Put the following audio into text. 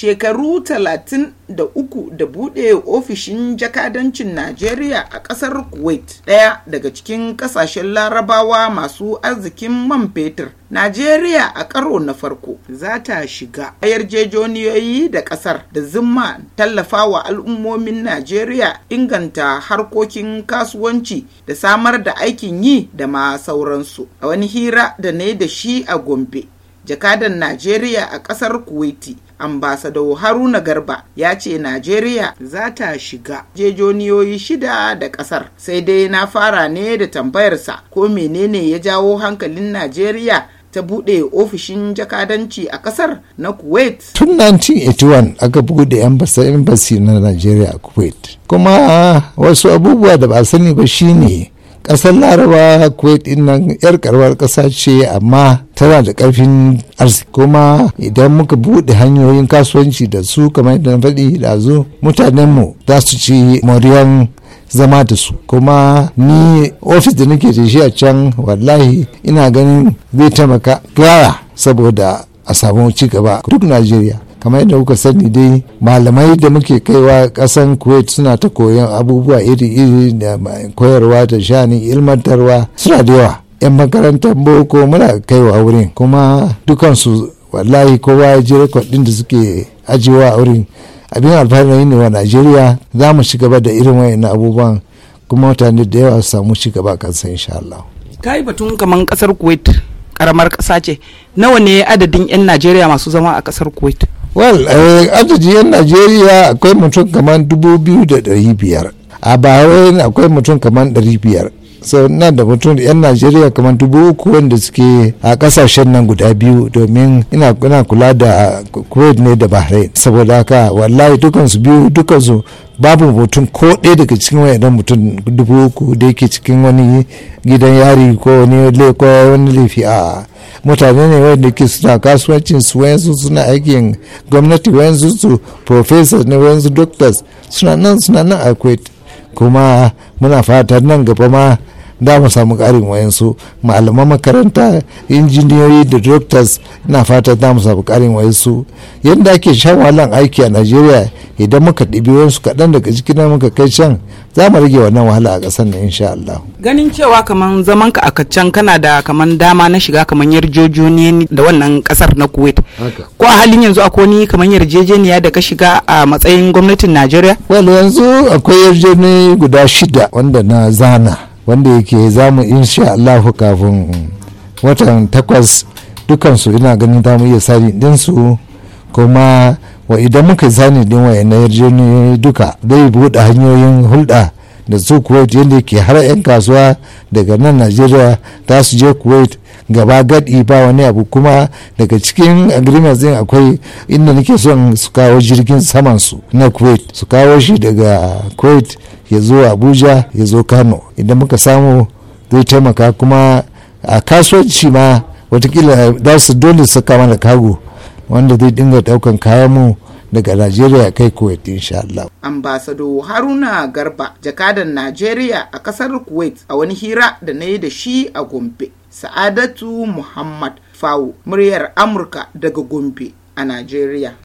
shekaru 33 da da buɗe ofishin jakadancin Najeriya a ƙasar Kuwait, ɗaya daga cikin ƙasashen larabawa masu arzikin man fetur. Najeriya a karo na farko za ta shiga yarjejeniyoyi da ƙasar da zimma tallafawa al'ummomin Najeriya inganta harkokin kasuwanci da samar da aikin yi da ma sauransu. A wani hira da na da shi a Gombe, jakadan najeriya a ƙasar kuwaiti ambasadau haruna garba ya ce najeriya za ta shiga jejoniyoyi shida da ƙasar. sai dai na fara ne da tambayarsa ko menene ya jawo hankalin najeriya ta buɗe ofishin jakadanci a ƙasar na kuwait tun 1981 aka buɗe embassy na Najeriya a kuwait kuma wasu abubuwa da ba sani ba shine ƙasar laraba kuwait din nan yar karbar ƙasa ce amma tana da karfin arziki kuma idan muka buɗe hanyoyin kasuwanci da su kamar yadda na faɗi da zo mutanenmu za su ci moriyan zama da su kuma ni ofis da nake da shi a can wallahi ina ganin zai taimaka gara saboda a samu ci gaba duk najeriya kamar yadda kuka sani dai malamai da muke kaiwa kasan kuwait suna ta koyon abubuwa iri-iri da koyarwa da shanin ilmantarwa suna da yawa 'yan makarantar boko muna kaiwa wurin kuma dukansu wallahi kowa ya ji rikodin da suke ajiyewa a wurin abin alfahari ne wa najeriya za mu ci gaba da irin wayan abubuwan kuma mutane da yawa samu ci gaba kansa insha Allah. ka yi batun kaman kasar kuwait karamar kasa ce nawa ne adadin 'yan najeriya masu zama a kasar kuwait well eh, adadi yan najeriya akwai mutum kamar dubu biyu da dari biyar a bahrain akwai mutum kamar dari biyar na da mutum yan najeriya kamar dubu uku wanda suke a kasashen nan guda biyu domin ina kula da kuwait ne da bahrain saboda haka wallahi dukansu biyu dukansu babu mutum ko ɗaya daga cikin idan mutum dubu uku da yake cikin wani gidan yari ko wani ko wani laifi a mutane ne wanda ke suna kasuwancin su wayansu suna aikin gwamnati wayansu su professors ne wayansu doctors suna nan suna nan akwai kuma muna fata nan gaba ma da mu samu karin wayansu malaman makaranta injiniyoyi da doctors na fata da mu samu karin wayansu yadda ake shan wahalan aiki a najeriya idan muka ɗibi wayansu kaɗan daga cikin muka kai can za mu rage wannan wahala a ƙasar nan insha Allah. ganin cewa kaman zaman ka a can kana da kaman dama na shiga kaman yarjejeniya da wannan kasar na kuwait ko a halin yanzu akwai ni kaman yarjejeniya da ka shiga a matsayin gwamnatin najeriya. well yanzu akwai yarjejeniya guda shida wanda na zana wanda yake za mu insha allahu kafin watan takwas dukansu ina ganin za mu iya sani dinsu kuma wa idan muka sani din wa na yarjejeniyoyi duka zai buɗe hanyoyin hulɗa da su kuwait yadda ke har 'yan kasuwa daga nan najeriya za su je kuwait gaba gadi ba wani abu kuma daga cikin agreements din akwai inda nake son su kawo jirgin saman su na kuwait su kawo shi daga kuwait ya zo abuja ya zo kano idan muka samu zai taimaka kuma a kasuwanci ma watakila za su dole saka mana kago wanda zai dinga daukan kayan mu daga Najeriya kai Kuwait insha Allah. Ambasado Haruna Garba jakadan Najeriya a kasar Kuwait a wani hira da na yi da shi a Gombe. Sa'adatu Muhammad Fawo, muryar Amurka daga Gombe a Najeriya.